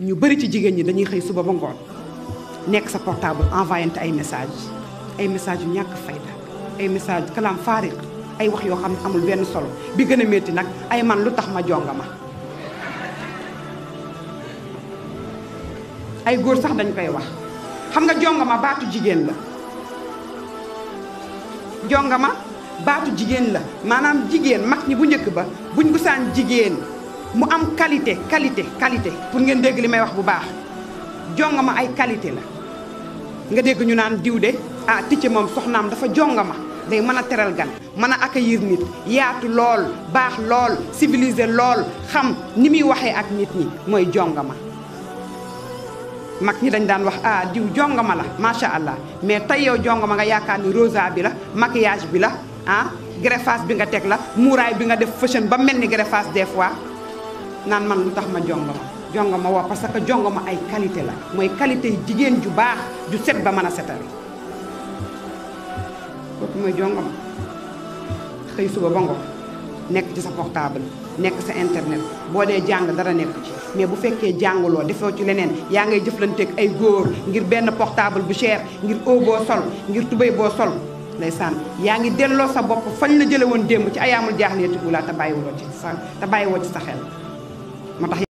ñu bari ci jigéen ñi dañuy xëy suba ba ngoon nekk sa portable envoyante ay message ay message yu ñàkk fayda ay message kalam faariq ay wax yoo xam amul benn solo bi gën a métti nag ay man lu tax ma jonga ma ay góor sax dañ koy wax xam nga jonga ma baatu jigéen la jonga ma baatu jigéen la maanaam jigéen mag ñi bu njëkk ba buñ gusaan jigéen mu am qualité qualité qualité pour ngeen dégg li may wax bu baax jongama ay qualité la nga dégg ñu naan diw de ah ticc moom soxnaam dafa jongama day mën a teral gan mën a accueillir nit yaatu lool baax lool civilisé lool xam ni muy waxee ak nit ñi mooy jongama mag ñi dañ daan wax ah diw jongama la macha allah mais tey yow jongama nga yaakaar ni rosa bi la maquillage bi la ah greffage bi nga teg la muuraay bi nga def fashion ba mel ni greffage des fois Nan man lutax ma jongoma jongoma wa parce que jongoma ay qualité la moy qualité jigen ju bax ju set ba mana setal ko kooku mooy jongo ma suba ba ngoon nekk ci sa portable nek sa internet bo de jang dara nek ci mais bu fekke jangulo defo ci lenen ya ngay jëflanteeg ay góor ngir ben portable bu cher ngir o bo sol ngir tubey bo sol ndaysan ya ngi delo sa bop fagn la jele won dem ci ayamul jaaxleeti la ta bàyyiwoo ci sa ta bayiwo ci sa xel moo